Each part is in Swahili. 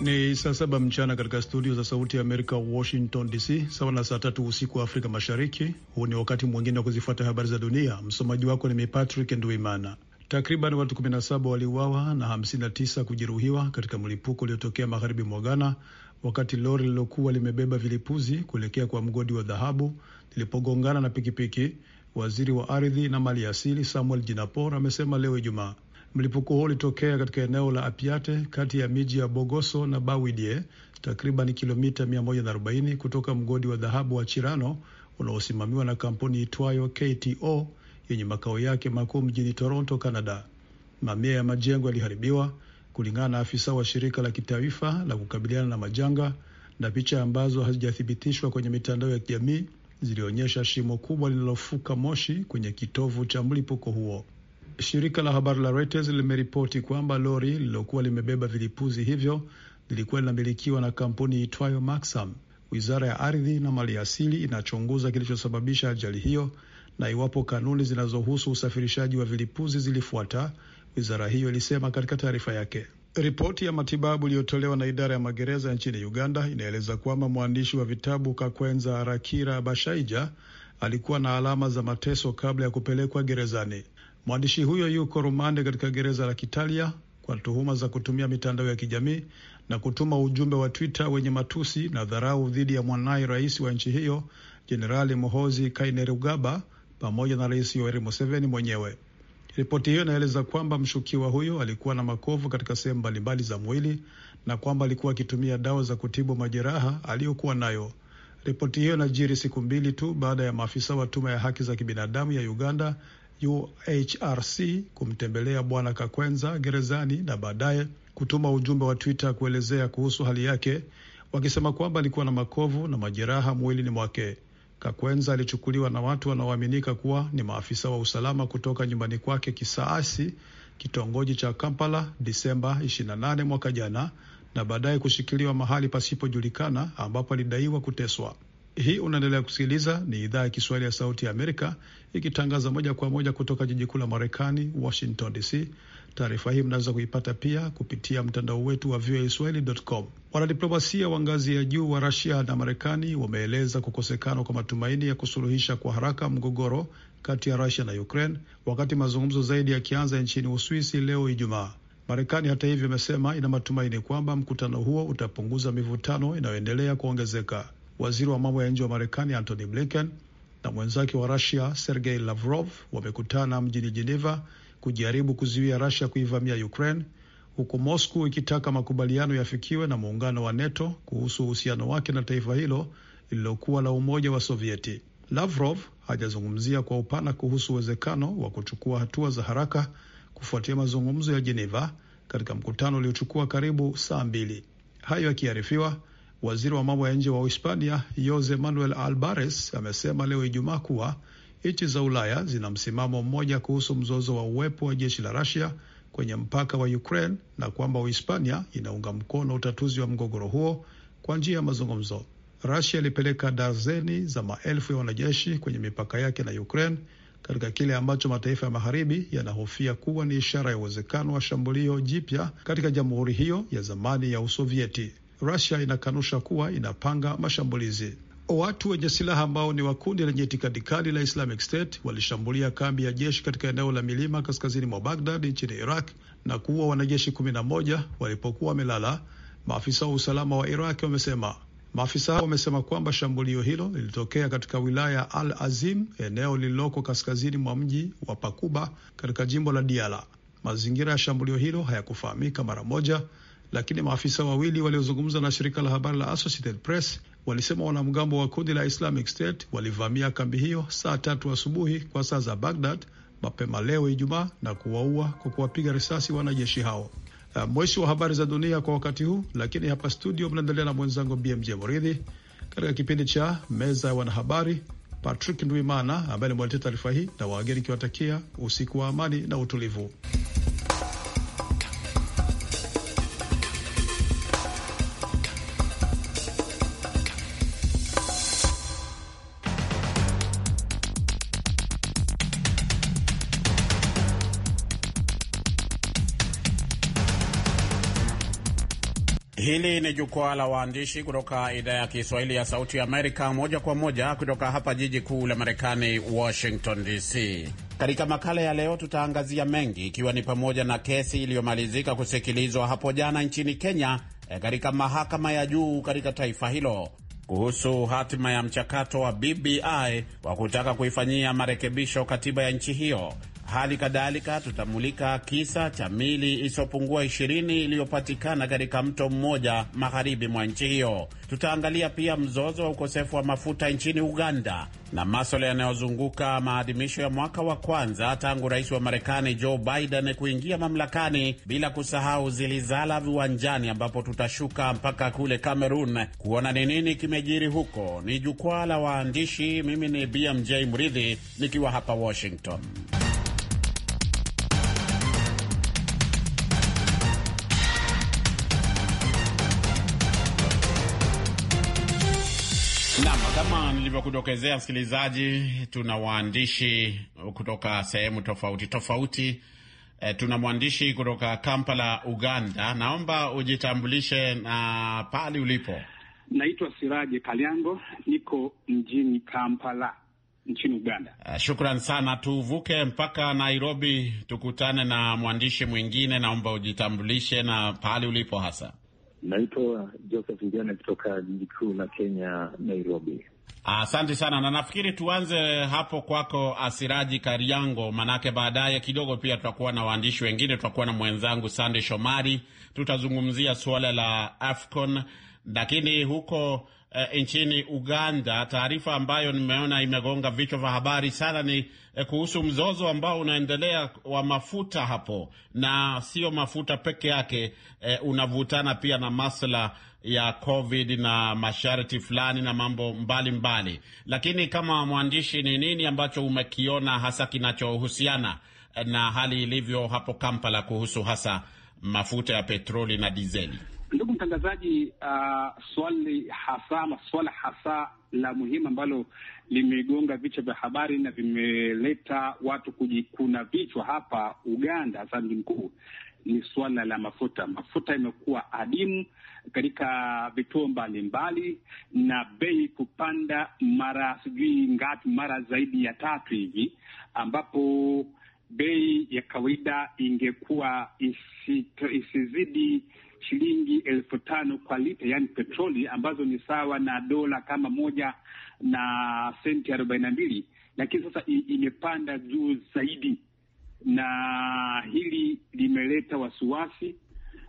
Ni saa saba mchana katika studio za Sauti ya Amerika, Washington DC, sawa na saa tatu usiku wa Afrika Mashariki. Huu ni wakati mwingine wa kuzifuata habari za dunia. Msomaji wako ni mipatrick Patrick Nduimana. Takriban watu 17 waliuawa na 59 kujeruhiwa katika mlipuko uliotokea magharibi mwa Ghana wakati lori lilokuwa limebeba vilipuzi kuelekea kwa mgodi wa dhahabu lilipogongana na pikipiki. Waziri wa ardhi na mali asili Samuel Jinapor amesema leo Ijumaa Mlipuko huo ulitokea katika eneo la Apiate kati ya miji ya Bogoso na Bawidie, takriban kilomita 140 kutoka mgodi wa dhahabu wa Chirano unaosimamiwa na kampuni itwayo KTO yenye makao yake makuu mjini Toronto, Canada. Mamia ya majengo yaliharibiwa kulingana na afisa wa shirika la kitaifa la kukabiliana na majanga, na picha ambazo hazijathibitishwa kwenye mitandao ya kijamii zilionyesha shimo kubwa linalofuka moshi kwenye kitovu cha mlipuko huo. Shirika la habari la Reuters limeripoti kwamba lori lililokuwa limebeba vilipuzi hivyo lilikuwa linamilikiwa na kampuni itwayo Maxam. Wizara ya Ardhi na Mali Asili inachunguza kilichosababisha ajali hiyo na iwapo kanuni zinazohusu usafirishaji wa vilipuzi zilifuata, wizara hiyo ilisema katika taarifa yake. Ripoti ya matibabu iliyotolewa na idara ya magereza nchini Uganda inaeleza kwamba mwandishi wa vitabu Kakwenza Rakira Bashaija alikuwa na alama za mateso kabla ya kupelekwa gerezani. Mwandishi huyo yuko rumande katika gereza la Kitalia kwa tuhuma za kutumia mitandao ya kijamii na kutuma ujumbe wa Twitter wenye matusi na dharau dhidi ya mwanaye rais wa nchi hiyo Jenerali Mohozi Kainerugaba pamoja na Rais Yoweri Museveni mwenyewe. Ripoti hiyo inaeleza kwamba mshukiwa huyo alikuwa na makovu katika sehemu mbalimbali za mwili na kwamba alikuwa akitumia dawa za kutibu majeraha aliyokuwa nayo. Ripoti hiyo inajiri siku mbili tu baada ya maafisa wa tume ya haki za kibinadamu ya Uganda UHRC kumtembelea Bwana Kakwenza gerezani na baadaye kutuma ujumbe wa Twitter kuelezea kuhusu hali yake, wakisema kwamba alikuwa na makovu na majeraha mwilini mwake. Kakwenza alichukuliwa na watu wanaoaminika kuwa ni maafisa wa usalama kutoka nyumbani kwake Kisaasi, kitongoji cha Kampala, Disemba 28 mwaka jana, na baadaye kushikiliwa mahali pasipojulikana ambapo alidaiwa kuteswa. Hii unaendelea kusikiliza, ni idhaa ya Kiswahili ya Sauti ya Amerika ikitangaza moja kwa moja kutoka jiji kuu la Marekani, Washington DC. Taarifa hii mnaweza kuipata pia kupitia mtandao wetu wa voaswahili.com. Wanadiplomasia wa ngazi ya juu wa Rasia na Marekani wameeleza kukosekana kwa matumaini ya kusuluhisha kwa haraka mgogoro kati ya Rasia na Ukraine wakati mazungumzo zaidi yakianza nchini Uswisi leo Ijumaa. Marekani hata hivyo imesema ina matumaini kwamba mkutano huo utapunguza mivutano inayoendelea kuongezeka waziri wa mambo ya nje wa Marekani Antony Blinken na mwenzake wa Rusia Sergei Lavrov wamekutana mjini Geneva kujaribu kuzuia Rusia kuivamia Ukraine, huku Moscow ikitaka makubaliano yafikiwe na muungano wa NATO kuhusu uhusiano wake na taifa hilo lililokuwa la Umoja wa Sovieti. Lavrov hajazungumzia kwa upana kuhusu uwezekano wa kuchukua hatua za haraka kufuatia mazungumzo ya Geneva katika mkutano uliochukua karibu saa mbili. Hayo yakiharifiwa Waziri wa mambo ya nje wa Uhispania Jose Manuel Albares amesema leo Ijumaa kuwa nchi za Ulaya zina msimamo mmoja kuhusu mzozo wa uwepo wa jeshi la Rusia kwenye mpaka wa Ukraine na kwamba Uhispania inaunga mkono utatuzi wa mgogoro huo kwa njia ya mazungumzo. Rusia ilipeleka darzeni za maelfu ya wanajeshi kwenye mipaka yake na Ukraine katika kile ambacho mataifa ya magharibi yanahofia kuwa ni ishara ya uwezekano wa shambulio jipya katika jamhuri hiyo ya zamani ya Usovieti. Rusia inakanusha kuwa inapanga mashambulizi. Watu wenye silaha ambao ni wa kundi lenye itikadi kali la Islamic State walishambulia kambi ya jeshi katika eneo la milima kaskazini mwa Bagdad nchini Iraq na kuua wanajeshi 11 walipokuwa wamelala, maafisa wa usalama wa Iraq wamesema. Maafisa hao wamesema kwamba shambulio hilo lilitokea katika wilaya ya Al Azim, eneo lililoko kaskazini mwa mji wa Pakuba katika jimbo la Diala. Mazingira ya shambulio hilo hayakufahamika mara moja, lakini maafisa wawili waliozungumza na shirika la habari la Associated Press walisema wanamgambo wa kundi la Islamic State walivamia kambi hiyo saa tatu asubuhi kwa saa za Bagdad mapema leo Ijumaa na kuwaua kwa kuwapiga risasi wanajeshi hao. Uh, mwisho wa habari za dunia kwa wakati huu, lakini hapa studio mnaendelea na mwenzangu BMJ Moridhi katika kipindi cha meza ya wanahabari. Patrick Ndwimana ambaye nimealetea taarifa hii na wageni kiwatakia usiku wa amani na utulivu. jukwaa la waandishi kutoka idhaa ya Kiswahili ya Sauti ya Amerika, moja kwa moja kutoka hapa jiji kuu la Marekani, Washington DC. Katika makala ya leo tutaangazia mengi, ikiwa ni pamoja na kesi iliyomalizika kusikilizwa hapo jana nchini Kenya e, katika mahakama ya juu katika taifa hilo kuhusu hatima ya mchakato wa BBI wa kutaka kuifanyia marekebisho katiba ya nchi hiyo. Hali kadhalika tutamulika kisa cha mili isiyopungua ishirini iliyopatikana katika mto mmoja magharibi mwa nchi hiyo. Tutaangalia pia mzozo wa ukosefu wa mafuta nchini Uganda na maswala yanayozunguka maadhimisho ya mwaka wa kwanza tangu rais wa Marekani Joe Biden kuingia mamlakani, bila kusahau zilizala viwanjani, ambapo tutashuka mpaka kule Kamerun kuona ni nini kimejiri huko. Ni jukwaa la waandishi. Mimi ni BMJ Mridhi nikiwa hapa Washington. nilivyokudokezea, msikilizaji, tuna waandishi kutoka sehemu tofauti tofauti. E, tuna mwandishi kutoka Kampala, Uganda. Naomba ujitambulishe na pahali ulipo. Naitwa Siraje kaliango niko mjini Kampala nchini Uganda. E, shukran sana. Tuvuke mpaka Nairobi tukutane na mwandishi mwingine. Naomba ujitambulishe na pahali ulipo hasa. Naitwa Joseph Njane kutoka jiji kuu la Kenya, Nairobi. Asante sana, na nafikiri tuanze hapo kwako Asiraji Kariango, manake baadaye kidogo pia tutakuwa na waandishi wengine, tutakuwa na mwenzangu Sande Shomari, tutazungumzia suala la AFCON. Lakini huko eh, nchini Uganda, taarifa ambayo nimeona imegonga vichwa vya habari sana ni eh, kuhusu mzozo ambao unaendelea wa mafuta hapo, na sio mafuta peke yake, eh, unavutana pia na masuala ya COVID na masharti fulani na mambo mbalimbali mbali. Lakini kama mwandishi, ni nini ambacho umekiona hasa kinachohusiana eh, na hali ilivyo hapo Kampala kuhusu hasa mafuta ya petroli na dizeli? Ndugu mtangazaji, uh, swali hasa masuala hasa la muhimu ambalo limegonga vichwa vya habari na vimeleta watu kujikuna vichwa hapa Uganda, hasa mkuu ni suala la mafuta. Mafuta imekuwa adimu katika vituo mbalimbali na bei kupanda mara sijui ngapi, mara zaidi ya tatu hivi, ambapo bei ya kawaida ingekuwa isizidi shilingi elfu tano kwa lita, yani petroli ambazo ni sawa na dola kama moja na senti arobaini na mbili, lakini sasa imepanda juu zaidi na hili limeleta wasiwasi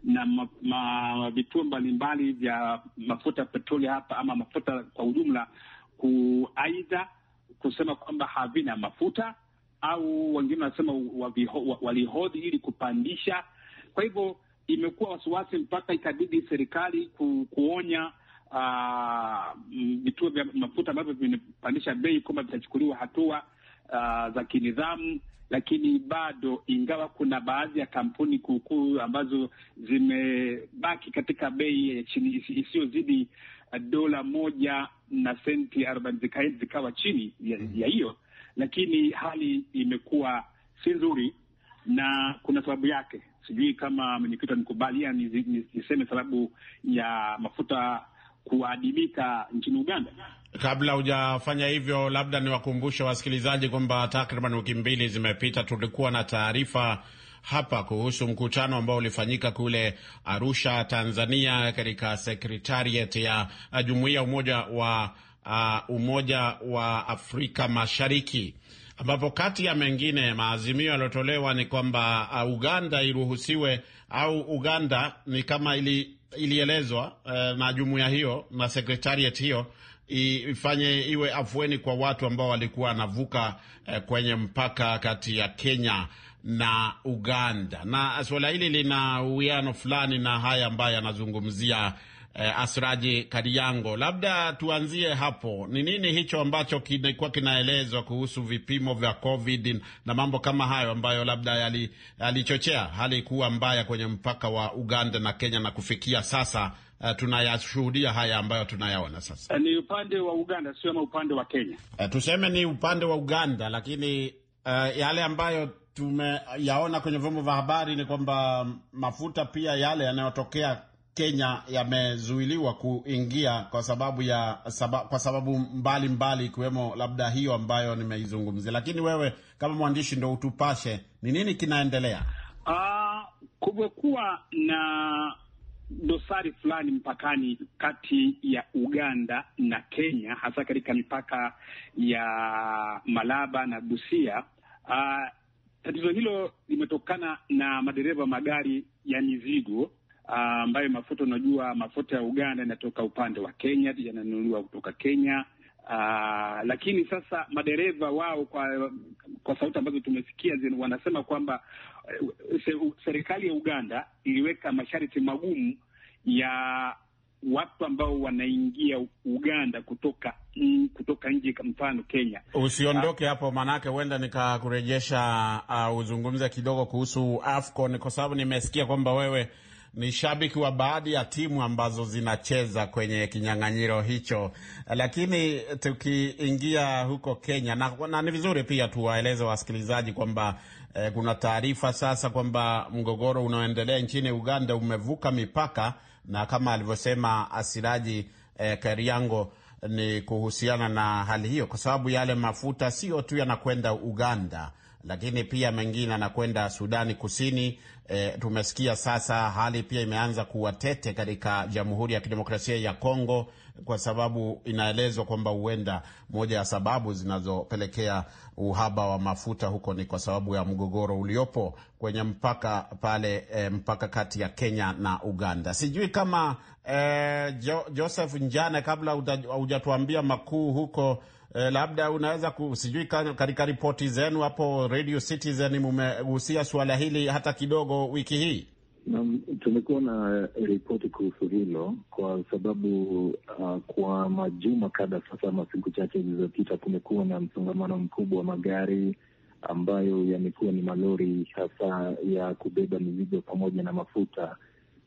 na ma, ma, vituo mbalimbali vya mafuta ya petroli hapa ama mafuta kwa ujumla, kuaidha kusema kwamba havina mafuta au wengine wanasema walihodhi ili kupandisha. Kwa hivyo imekuwa wasiwasi mpaka ikabidi serikali ku, kuonya vituo uh, vya mafuta ambavyo vimepandisha bei kwamba vitachukuliwa hatua uh, za kinidhamu lakini bado, ingawa kuna baadhi ya kampuni kuukuu ambazo zimebaki katika bei chini isiyozidi uh, dola moja na senti arobaini zikawa chini ya, mm-hmm. ya hiyo, lakini hali imekuwa si nzuri na kuna sababu yake. Sijui kama mwenyekiti anikubalia niseme sababu ya mafuta kuadimika nchini Uganda. Kabla hujafanya hivyo, labda niwakumbushe wasikilizaji kwamba takriban wiki mbili zimepita, tulikuwa na taarifa hapa kuhusu mkutano ambao ulifanyika kule Arusha, Tanzania, katika sekretariat ya jumuiya umoja wa uh, umoja wa Afrika Mashariki, ambapo kati ya mengine maazimio yaliyotolewa ni kwamba uh, Uganda iruhusiwe au Uganda ni kama ili, ilielezwa uh, na jumuiya hiyo na sekretariat hiyo ifanye iwe afueni kwa watu ambao walikuwa wanavuka eh, kwenye mpaka kati ya Kenya na Uganda. Na suala hili lina uwiano fulani na haya ambayo yanazungumzia eh, Asraji Kariango, labda tuanzie hapo. Ni nini hicho ambacho kilikuwa kinaelezwa kuhusu vipimo vya COVID na mambo kama hayo ambayo labda yalichochea yali hali kuwa mbaya kwenye mpaka wa Uganda na Kenya na kufikia sasa uh, tunayashuhudia haya ambayo tunayaona sasa. Eh, ni upande wa Uganda, sio ama upande wa Kenya? Uh, tuseme ni upande wa Uganda, lakini uh, yale ambayo tumeyaona kwenye vyombo vya habari ni kwamba mafuta pia yale yanayotokea Kenya yamezuiliwa kuingia kwa sababu ya kwa sababu mbalimbali ikiwemo mbali, labda hiyo ambayo nimeizungumzia. Lakini wewe kama mwandishi ndo utupashe ni nini kinaendelea? Uh, kumekuwa na dosari fulani mpakani kati ya Uganda na Kenya, hasa katika mipaka ya Malaba na Busia. Uh, tatizo hilo limetokana na madereva magari ya mizigo ah, ambayo uh, mafuta, unajua mafuta ya Uganda yanatoka upande wa Kenya, yananunuliwa kutoka Kenya. Uh, lakini sasa madereva wao, kwa kwa sauti ambazo tumesikia, wanasema kwamba serikali ya Uganda iliweka masharti magumu ya watu ambao wanaingia Uganda kutoka mm, kutoka nje, mfano Kenya. Usiondoke ah, hapo uh, maanake huenda nikakurejesha uh, uzungumze kidogo kuhusu AFCON kwa sababu nimesikia kwamba wewe ni shabiki wa baadhi ya timu ambazo zinacheza kwenye kinyang'anyiro hicho, lakini tukiingia huko Kenya na, na ni vizuri pia tuwaeleze wasikilizaji kwamba eh, kuna taarifa sasa kwamba mgogoro unaoendelea nchini Uganda umevuka mipaka na kama alivyosema Asiraji eh, Kariango ni kuhusiana na hali hiyo, kwa sababu yale mafuta sio tu yanakwenda Uganda lakini pia mengine anakwenda Sudani Kusini. E, tumesikia sasa hali pia imeanza kuwa tete katika Jamhuri ya Kidemokrasia ya Kongo kwa sababu inaelezwa kwamba huenda moja ya sababu zinazopelekea uhaba wa mafuta huko ni kwa sababu ya mgogoro uliopo kwenye mpaka pale, e, mpaka kati ya Kenya na Uganda. Sijui kama e, jo, Joseph Njane, kabla hujatuambia makuu huko eh, labda unaweza sijui katika ripoti zenu hapo Radio Citizen mumegusia suala hili hata kidogo wiki hii? Naam, tumekuwa na eh, ripoti kuhusu hilo kwa sababu uh, kwa majuma kadha sasa ama siku chache zilizopita kumekuwa na msongamano mkubwa wa magari ambayo yamekuwa ni malori hasa ya kubeba mizigo pamoja na mafuta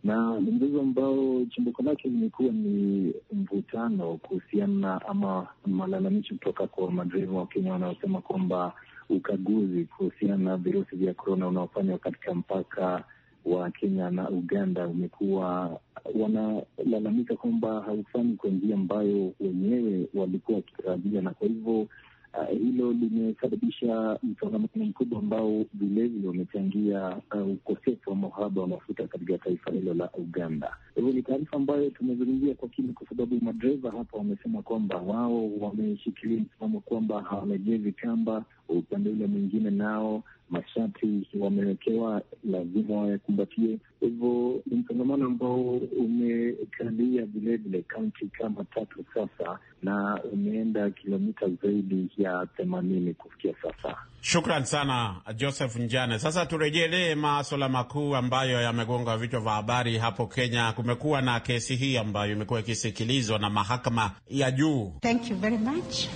na ni mzozo ambao chimbuko lake limekuwa ni mvutano kuhusiana ama malalamishi kutoka kwa madereva wa Kenya wanaosema kwamba ukaguzi kuhusiana na virusi vya korona unaofanywa katika mpaka wa Kenya na Uganda umekuwa wanalalamika kwamba haufanyi kwa njia ambayo wenyewe walikuwa wakitarajia, na kwa hivyo Ah, hilo uh, limesababisha msongamano mkubwa ambao vilevile umechangia uh, ukosefu wa mahaba wa mafuta katika taifa hilo la Uganda. Hivyo ni taarifa ambayo tumezungumzia kwa kina, kwa sababu madereva hapa wamesema kwamba wao wameshikilia msimamo kwamba hawamejezi kamba, upande ule mwingine nao masharti wamewekewa, lazima wayakumbatie. Kwa hivyo ni msongamano ambao umekalia vilevile kaunti kama tatu sasa na umeenda kilomita zaidi ya themanini kufikia sasa. Shukran sana Joseph Njane. Sasa turejelee maswala makuu ambayo yamegonga vichwa vya habari hapo Kenya. Kumekuwa na kesi hii ambayo imekuwa ikisikilizwa na mahakama ya juu. Thank you very much.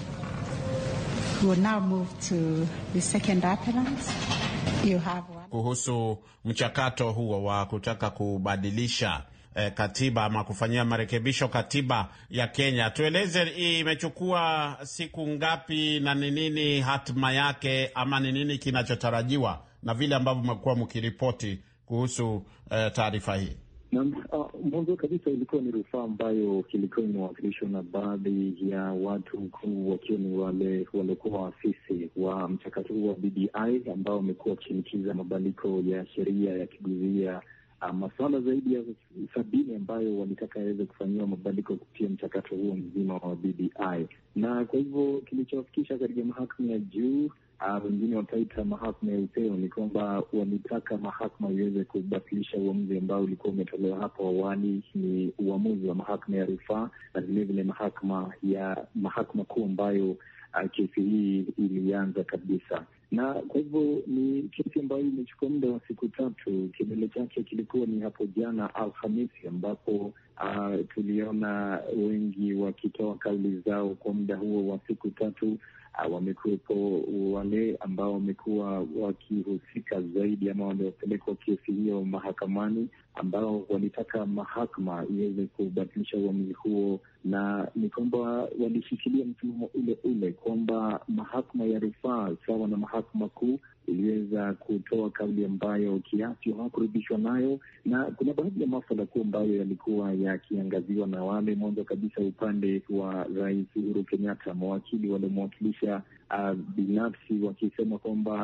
Kuhusu mchakato huo wa kutaka kubadilisha eh, katiba ama kufanyia marekebisho katiba ya Kenya, tueleze imechukua siku ngapi na ni nini hatima yake ama ni nini kinachotarajiwa na vile ambavyo mmekuwa mkiripoti kuhusu eh, taarifa hii? Naam, ah, mwanzo kabisa ilikuwa ni rufaa ambayo ilikuwa imewakilishwa na baadhi ya watu kuu, wakiwa ni wale waliokuwa waafisi wa mchakato huu wa BBI ambao wamekuwa wakishinikiza mabadiliko ya sheria uh, ah, masuala zaidi ya sabini ambayo walitaka yaweze kufanyiwa mabadiliko kupitia mchakato huo mzima wa BBI, na kwa hivyo kilichowafikisha katika mahakama ya juu Ah, wengine wakaita mahakama ya upeo, ni kwamba walitaka mahakama iweze kubatilisha uamuzi ambao ulikuwa umetolewa hapo awali. Ni uamuzi wa mahakama ya rufaa na vilevile mahakama ya mahakama kuu ambayo ah, kesi hii ilianza kabisa na kwa hivyo ni kesi ambayo imechukua muda wa siku tatu. Kilele chake kilikuwa ni hapo jana Alhamisi, ambapo uh, tuliona wengi wakitoa kauli zao kwa muda huo wa siku tatu, Ah, wamekuwepo wale ambao wamekuwa wakihusika zaidi ama wamepelekwa kesi hiyo mahakamani ambao walitaka mahakama iweze kubatilisha uamuzi huo, na ni kwamba walishikilia msimamo ule ule kwamba mahakama ya rufaa sawa na mahakama kuu iliweza kutoa kauli ambayo kiasi hawakuridhishwa nayo, na kuna baadhi ya maswala kuu ambayo yalikuwa yakiangaziwa na wale mwanzo kabisa upande wa Rais Uhuru Kenyatta, mawakili waliomwakilisha uh, binafsi wakisema kwamba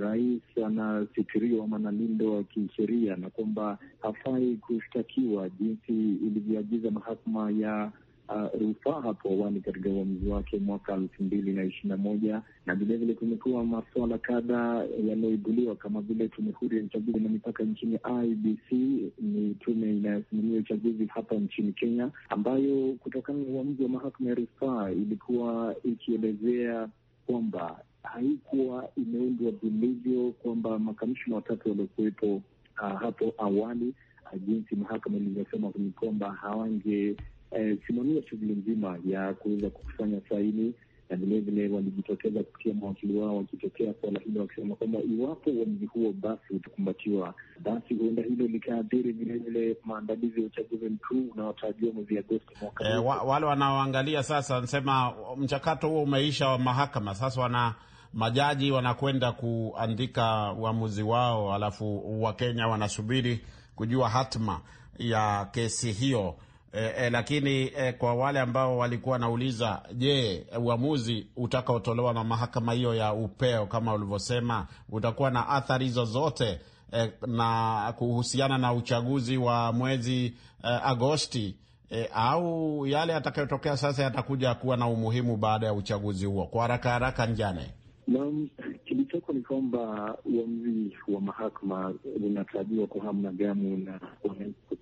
rais anafikiriwa ama analindwa kisheria na kwamba hafai kushtakiwa jinsi ilivyoagiza mahakama ya Uh, rufaa hapo awali katika uamuzi wake mwaka elfu mbili na ishirini na moja na vilevile kumekuwa masuala kadha yanayoibuliwa kama vile tume huru ya uchaguzi na mipaka nchini IBC, ni tume inayosimamia uchaguzi hapa nchini Kenya, ambayo kutokana na uamuzi wa mahakama ya rufaa ilikuwa ikielezea kwamba haikuwa imeundwa vilivyo, kwamba makamishina watatu waliokuwepo uh, hapo awali uh, jinsi mahakama ilivyosema ni kwamba hawangesimamia eh, shughuli nzima ya kuweza kukusanya saini na vilevile walijitokeza kupitia mawakili wao wakitokea swala hilo wakisema kwamba iwapo uamuzi huo basi utakumbatiwa, basi huenda hilo likaathiri vilevile maandalizi ya uchaguzi mkuu unaotarajiwa mwezi Agosti mwaka e, wa, wale wanaoangalia sasa nsema mchakato huo umeisha wa mahakama sasa wana majaji wanakwenda kuandika uamuzi wao, alafu Wakenya wanasubiri kujua hatma ya kesi hiyo eh, eh, lakini eh, kwa wale ambao walikuwa wanauliza, je, uamuzi utakaotolewa na mahakama hiyo ya upeo kama ulivyosema utakuwa na athari zozote eh, na kuhusiana na uchaguzi wa mwezi eh, Agosti e, au yale yatakayotokea sasa yatakuja kuwa na umuhimu baada ya uchaguzi huo? Kwa haraka haraka, Njane. Naam, kilichoko ni kwamba uamuzi wa mahakama unatarajiwa kwa hamna gamu na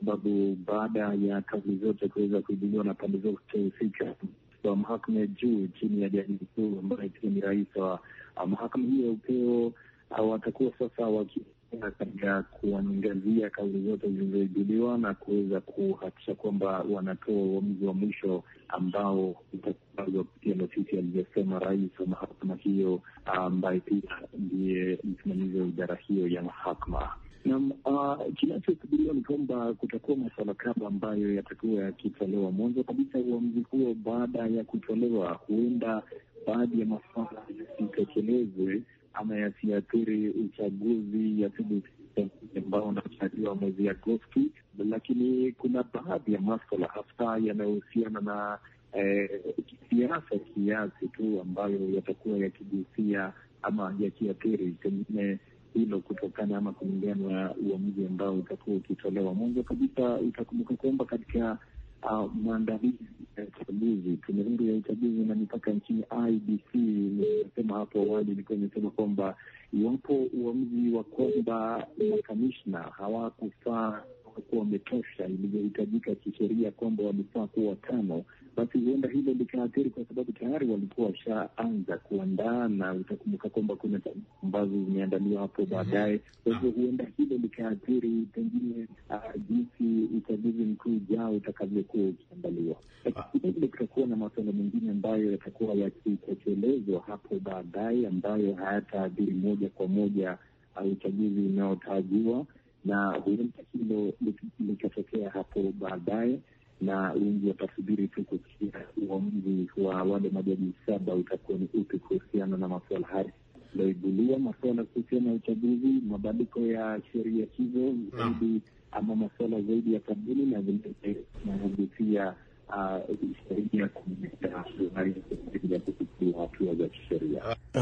sababu baada ya kauli zote kuweza kuibuliwa na pande zote husika wa mahakama ya juu chini ya jaji mkuu ambaye pia ni rais wa mahakama hiyo ya upeo, watakuwa sasa wakienda katika kuangazia kauli zote zilizoibuliwa na kuweza kuhakikisha kwamba wanatoa uamuzi wa mwisho ambao utakubaliwa kupitia notisi aliyosema rais wa mahakama hiyo ambaye pia ndiye msimamizi wa idara hiyo ya mahakama. Naam, uh, kinachokubaliwa ni kwamba kutakuwa maswala kadha ambayo yatakuwa yakitolewa. Mwanzo kabisa uamuzi huo baada ya kutolewa, huenda baadhi ya maswala yasitekelezwe ama yasiathiri uchaguzi ambao unatarajiwa mwezi Agosti, lakini kuna baadhi ya maswala hasa yanayohusiana na kisiasa eh, kiasi tu ambayo yatakuwa yakigusia ama yakiathiri pengine hilo kutokana ama kulingana na uamuzi ambao utakuwa ukitolewa. Mwanzo kabisa utakumbuka kwamba katika Uh, maandalizi ya uchaguzi, tume huru ya uchaguzi na mipaka nchini IBC imesema hapo awali, ilikuwa imesema kwamba iwapo uamuzi wa kwamba makamishna hawakufaa kuwa wametosha ilivyohitajika kisheria, kwamba wamefaa kuwa watano basi huenda hilo likaathiri, kwa sababu tayari walikuwa washaanza kuandaa, na utakumbuka kwamba kuna ambazo zimeandaliwa hapo mhm. baadaye. Kwa hivyo ah. huenda hilo likaathiri pengine ah, jinsi uchaguzi mkuu ujao utakavyokuwa ukiandaliwa. Vilevile ah. kutakuwa na masuala mengine ambayo yatakuwa yakitekelezwa hapo baadaye, ambayo hayataathiri moja kwa moja uchaguzi unaotajiwa na huenda hilo likatokea hapo baadaye na wengi watasubiri tu kusikia uamuzi wa wale majaji saba utakuwa ni upi kuhusiana na maswala hayo laibulia maswala kuhusiana na uchaguzi, mabadiliko ya sheria hizo zaidi ama maswala zaidi ya kabili na vilevile nagusia Uh,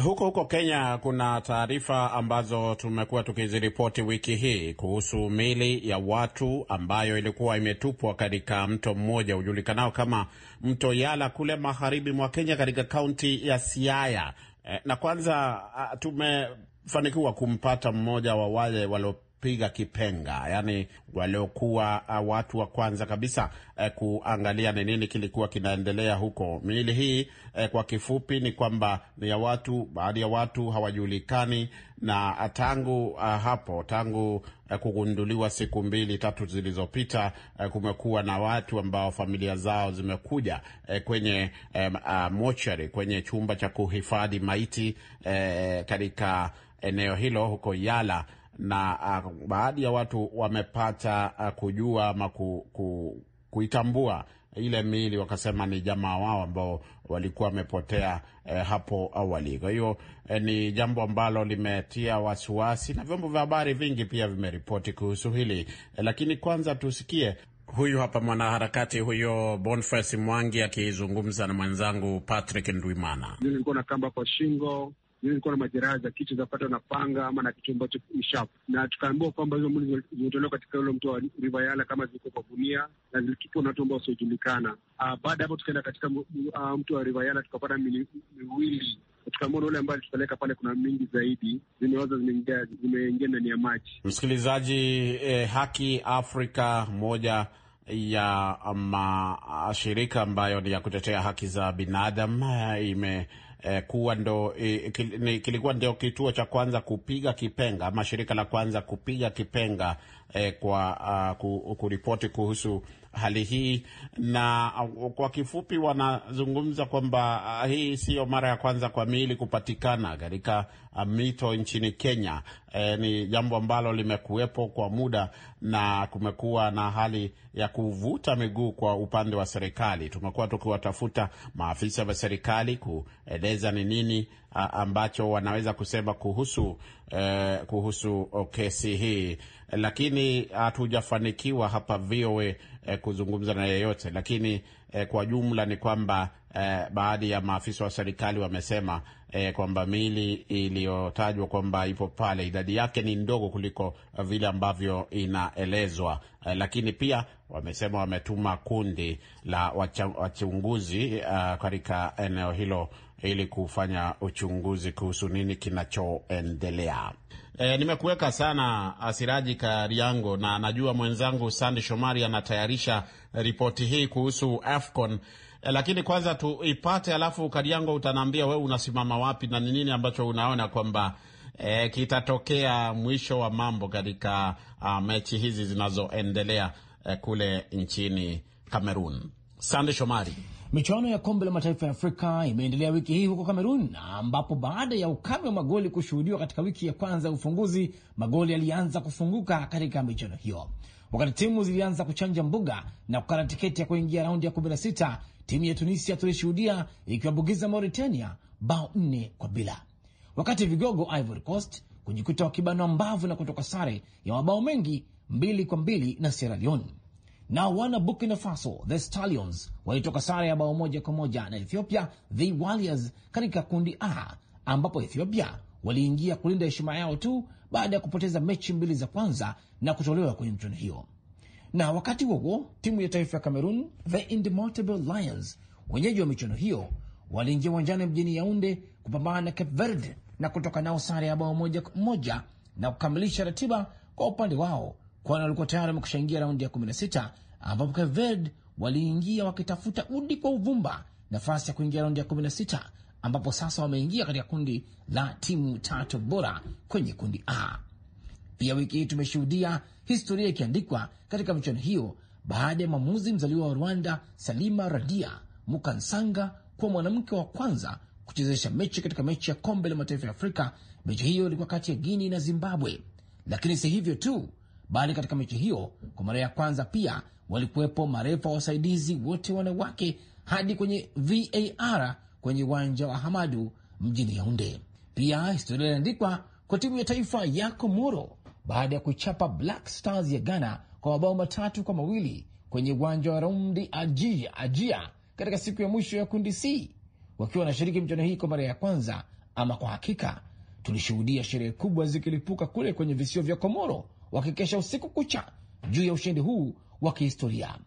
huko huko Kenya, kuna taarifa ambazo tumekuwa tukiziripoti wiki hii kuhusu mili ya watu ambayo ilikuwa imetupwa katika mto mmoja ujulikanao kama mto Yala kule magharibi mwa Kenya, katika kaunti ya Siaya. Eh, na kwanza ah, tumefanikiwa kumpata mmoja wa wale walio kupiga kipenga, yaani waliokuwa ah, watu wa kwanza kabisa eh, kuangalia ni nini kilikuwa kinaendelea huko. Miili hii eh, kwa kifupi ni kwamba ni ya watu, baadhi ya watu hawajulikani, na ah, tangu uh, hapo tangu eh, kugunduliwa siku mbili tatu zilizopita eh, kumekuwa na watu ambao familia zao zimekuja eh, kwenye eh, uh, mochari, kwenye chumba cha kuhifadhi maiti eh, katika eneo hilo huko Yala na uh, baadhi ya watu wamepata uh, kujua ama ku, ku, kuitambua ile miili wakasema ni jamaa wao ambao walikuwa wamepotea eh, hapo awali. Kwa hiyo eh, ni jambo ambalo limetia wasiwasi na vyombo vya habari vingi pia vimeripoti kuhusu hili eh, lakini kwanza tusikie huyu hapa mwanaharakati huyo Boniface Mwangi akizungumza na mwenzangu Patrick Ndwimana. Nilikuwa na kamba kwa shingo ikuwa na majeraha za kichwa zinapata na panga ama na kitu ambacho ni sharp, na tukaambiwa kwamba hizo mwili zimetolewa katika ule mto wa River Yala kama ziko kwa gunia na zilitupwa na watu ambao wasiojulikana. Ah, baada hapo tukaenda katika ah, mto wa River Yala tukapata miwili tukamwona ule ambaye alitupeleka pale, kuna mingi zaidi zimeoza, zimeingia zimeingia ndani ya maji. Msikilizaji, eh, Haki Afrika, moja ya mashirika ambayo ni ya kutetea haki za binadamu, eh, ime eh, kuwa ndo, eh, kilikuwa ndio kituo cha kwanza kupiga kipenga ama shirika la kwanza kupiga kipenga eh, kwa uh, kuripoti kuhusu hali hii, na uh, kwa kifupi wanazungumza kwamba uh, hii siyo mara ya kwanza kwa miili kupatikana katika uh, mito nchini Kenya. E, ni jambo ambalo limekuwepo kwa muda na kumekuwa na hali ya kuvuta miguu kwa upande wa serikali. Tumekuwa tukiwatafuta maafisa wa serikali kueleza ni nini ambacho wanaweza kusema kuhusu, eh, kuhusu kesi hii lakini ah, hatujafanikiwa hapa VOA eh, kuzungumza na yeyote, lakini eh, kwa jumla ni kwamba eh, baadhi ya maafisa wa serikali wamesema eh, kwamba mili iliyotajwa kwamba ipo pale idadi yake ni ndogo kuliko vile ambavyo inaelezwa eh, lakini pia wamesema wametuma kundi la wachunguzi uh, katika eneo hilo ili kufanya uchunguzi kuhusu nini kinachoendelea. E, nimekuweka sana Asiraji Kariango, na najua mwenzangu Sandi Shomari anatayarisha ripoti hii kuhusu AFCON. E, lakini kwanza tuipate, alafu Kariango utanaambia wewe unasimama wapi na ni nini ambacho unaona kwamba e, kitatokea mwisho wa mambo katika mechi hizi zinazoendelea uh, kule nchini Kamerun. Sande Shomari. Michuano ya kombe la mataifa ya Afrika imeendelea wiki hii huko Kamerun, ambapo baada ya ukame wa magoli kushuhudiwa katika wiki ya kwanza ya ufunguzi, magoli yalianza kufunguka katika michuano hiyo. Wakati timu zilianza kuchanja mbuga na kukata tiketi ya kuingia raundi ya 16, timu ya Tunisia tulishuhudia ikiwabugiza Mauritania bao nne kwa bila, wakati vigogo Ivory Coast kujikuta wakibanwa mbavu na kutoka sare ya mabao mengi mbili kwa mbili na Sierra Leone. Na wana Burkina Faso the Stallions walitoka sare ya bao moja kwa moja na Ethiopia the Warriors katika kundi A, ambapo Ethiopia waliingia kulinda heshima yao tu baada ya kupoteza mechi mbili za kwanza na kutolewa kwenye mchuano hiyo. Na wakati huo huo, timu ya taifa ya Cameroon the Indomitable Lions, wenyeji wa michuano hiyo, waliingia uwanjani mjini Yaunde kupambana na Cape Verde na kutoka nao sare ya bao moja kwa moja na kukamilisha ratiba kwa upande wao kwani walikuwa tayari ingia raundi ya 16 ambapo Cape Verde waliingia wakitafuta udi kwa uvumba nafasi ya kuingia raundi ya 16 ambapo sasa wameingia katika kundi la timu tatu bora kwenye kundi A. Pia wiki hii tumeshuhudia historia ikiandikwa katika michuano hiyo baada ya mwamuzi mzaliwa wa Rwanda Salima Radia Mukansanga kuwa mwanamke wa kwanza kuchezesha mechi katika mechi ya kombe la mataifa ya Afrika. Mechi hiyo ilikuwa kati ya Guini na Zimbabwe, lakini si hivyo tu, bali katika mechi hiyo kwa mara ya kwanza pia walikuwepo marefa wa wasaidizi wote wanawake hadi kwenye VAR kwenye uwanja wa Hamadu mjini Yaunde. Pia historia iliandikwa kwa timu ya taifa ya Komoro baada ya kuichapa Black Stars ya Ghana kwa mabao matatu kwa mawili kwenye uwanja wa Raundi Ajia, Ajia katika siku ya mwisho ya kundi C wakiwa wanashiriki mchano hii kwa mara ya kwanza. Ama kwa hakika tulishuhudia sherehe kubwa zikilipuka kule kwenye visio vya Komoro wakikesha usiku kucha juu ya ushindi huu wa kihistoria.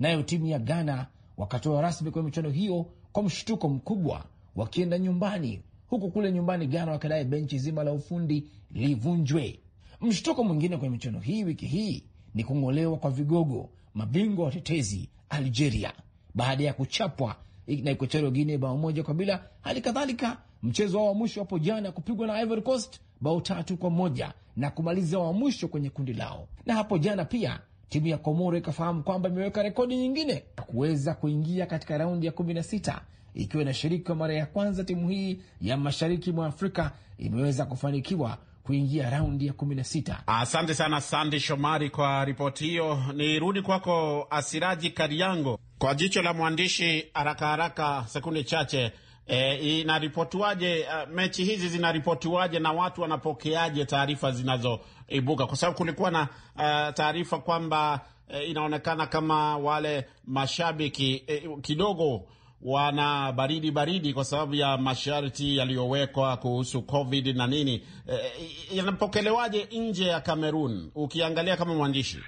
Nayo timu ya Ghana wakatoa rasmi kwenye michuano hiyo kwa mshtuko mkubwa, wakienda nyumbani, huku kule nyumbani Ghana wakidai benchi zima la ufundi livunjwe. Mshtuko mwingine kwenye michuano hii wiki hii ni kung'olewa kwa vigogo mabingwa watetezi Algeria baada ya kuchapwa na Equatorial Guine bao moja kwa bila. Hali kadhalika mchezo wao wa mwisho hapo jana kupigwa na Ivory Coast bao tatu kwa moja na kumaliza wa mwisho kwenye kundi lao. Na hapo jana pia timu ya Komoro ikafahamu kwamba imeweka rekodi nyingine ya kuweza kuingia katika raundi ya sita ikiwa inashiriki kwa mara ya kwanza. Timu hii ya mashariki mwa Afrika imeweza kufanikiwa kuingia raundi ya sita Asante sana Sandi Shomari kwa ripoti hiyo. Nirudi kwako Asiraji Kariango, kwa jicho la mwandishi haraka haraka, sekunde chache. E, inaripotiwaje eh, mechi hizi zinaripotiwaje na watu wanapokeaje taarifa zinazoibuka? Kwa sababu kulikuwa na uh, taarifa kwamba uh, inaonekana kama wale mashabiki uh, kidogo wana baridi baridi kwa sababu ya masharti yaliyowekwa kuhusu COVID na nini. Uh, inapokelewaje nje ya Kamerun ukiangalia kama mwandishi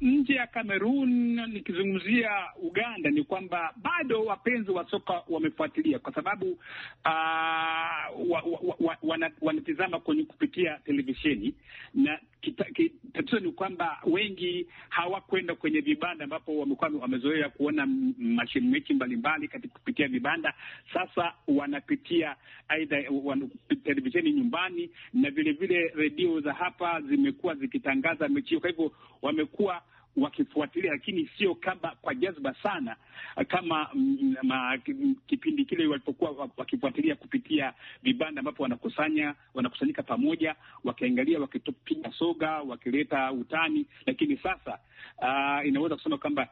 nje ya Kamerun, nikizungumzia Uganda, ni kwamba bado wapenzi wa soka wamefuatilia kwa sababu uh, wa, wa, wa, wa, wanatizama kwenye kupitia televisheni na tatizo ni kwamba wengi hawakwenda kwenye vibanda ambapo wamekuwa wamezoea kuona mechi mbalimbali katika kupitia vibanda. Sasa wanapitia aidha televisheni nyumbani, na vilevile redio za hapa zimekuwa zikitangaza mechi hiyo, kwa hivyo wamekuwa wakifuatilia, lakini sio kama kwa jazba sana kama mm, kipindi kile walipokuwa wakifuatilia kupitia vibanda ambapo wanakusanya wanakusanyika pamoja, wakiangalia, wakipiga soga, wakileta utani. Lakini sasa uh, inaweza kusema kwamba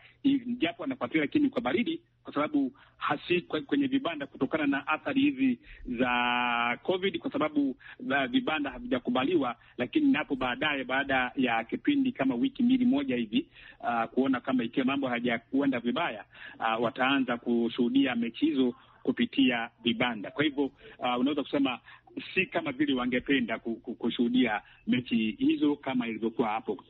japo wanafuatilia, lakini kwa baridi kwa sababu hasi kwenye vibanda kutokana na athari hizi za COVID, kwa sababu za vibanda havijakubaliwa. Lakini napo baadaye, baada ya kipindi kama wiki mbili moja hivi, uh, kuona kama ikiwa mambo hajakuenda vibaya, uh, wataanza kushuhudia mechi hizo kupitia vibanda. Kwa hivyo uh, unaweza kusema si kama vile wangependa kushuhudia mechi hizo kama ilivyokuwa hapo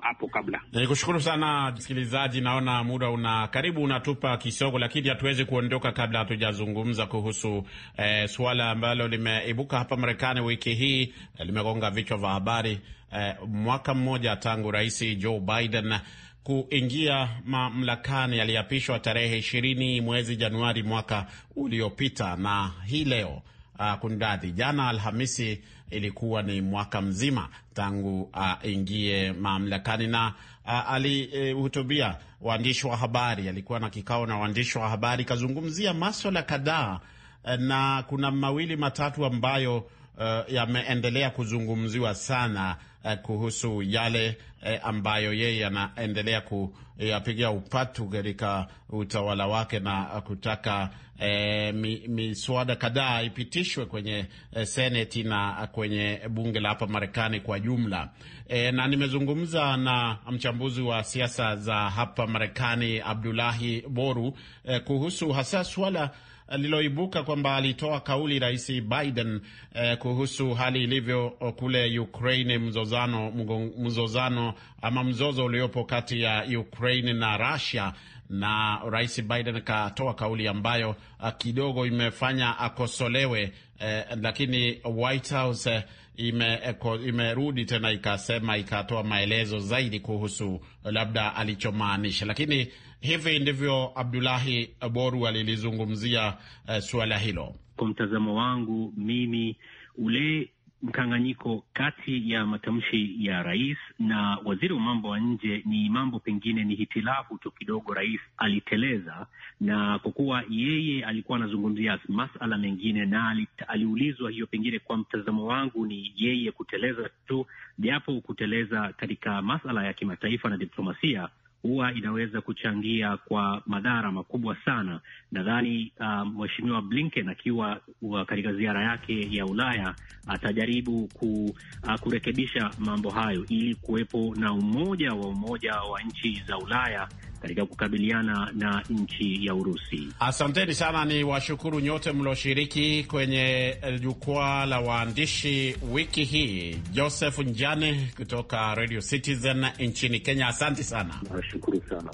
hapo kabla. Nikushukuru sana msikilizaji, naona muda una karibu unatupa kisogo, lakini hatuwezi kuondoka kabla hatujazungumza kuhusu eh, suala ambalo limeibuka hapa Marekani wiki hii eh, limegonga vichwa vya habari eh, mwaka mmoja tangu Rais Joe Biden kuingia mamlakani. Aliapishwa tarehe ishirini mwezi Januari mwaka uliopita na hii leo uh, ah, kundadhi jana Alhamisi ilikuwa ni mwaka mzima tangu ah, aingie uh, mamlakani na uh, ah, alihutubia eh, uh, waandishi wa habari. Alikuwa na kikao na waandishi wa habari, kazungumzia maswala kadhaa uh, na kuna mawili matatu ambayo uh, yameendelea kuzungumziwa sana eh, kuhusu yale eh, ambayo yeye anaendelea kuyapigia upatu katika utawala wake na kutaka eh, miswada kadhaa ipitishwe kwenye eh, seneti na kwenye bunge la hapa Marekani kwa jumla. Eh, na nimezungumza na mchambuzi wa siasa za hapa Marekani Abdulahi Boru eh, kuhusu hasa swala liloibuka kwamba alitoa kauli Rais Biden eh, kuhusu hali ilivyo kule Ukraine, mzozano, mzozano ama mzozo uliopo kati ya Ukraine na Russia na Rais Biden katoa kauli ambayo eh, kidogo imefanya akosolewe eh, lakini White House eh, ime, eh, imerudi tena ikasema ikatoa maelezo zaidi kuhusu eh, labda alichomaanisha, lakini hivi ndivyo Abdulahi Boru alilizungumzia uh, suala hilo. Kwa mtazamo wangu mimi, ule mkanganyiko kati ya matamshi ya rais na waziri wa mambo wa nje ni mambo pengine ni hitilafu tu kidogo. Rais aliteleza, na kwa kuwa yeye alikuwa anazungumzia masala mengine na aliulizwa hiyo, pengine kwa mtazamo wangu ni yeye kuteleza tu, japo kuteleza katika masala ya kimataifa na diplomasia huwa inaweza kuchangia kwa madhara makubwa sana. Nadhani uh, Mheshimiwa Blinken akiwa uh, katika ziara yake ya Ulaya atajaribu ku, uh, kurekebisha mambo hayo ili kuwepo na umoja wa umoja wa nchi za Ulaya katika kukabiliana na nchi ya Urusi. Asanteni sana, ni washukuru nyote mlioshiriki kwenye jukwaa la waandishi wiki hii. Joseph Njane kutoka Radio Citizen nchini Kenya, asante sana. Nashukuru sana,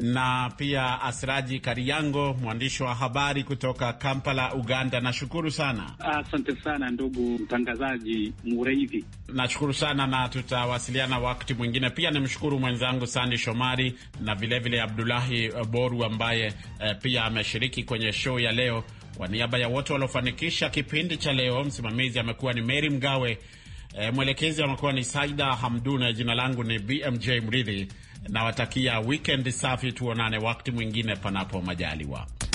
na pia Asiraji Kariango, mwandishi wa habari kutoka Kampala, Uganda, nashukuru sana. Asante sana ndugu mtangazaji Mureithi. Nashukuru sana na tutawasiliana wakati mwingine. Pia nimshukuru mwenzangu Sandi Shomari na vilevile Abdulahi Boru ambaye eh, pia ameshiriki kwenye show ya leo. Kwa niaba ya wote waliofanikisha kipindi cha leo, msimamizi amekuwa ni Mary Mgawe, eh, mwelekezi amekuwa ni Saida Hamduna, jina langu ni BMJ Mridhi. Nawatakia wikendi safi, tuonane wakati mwingine panapo majaliwa.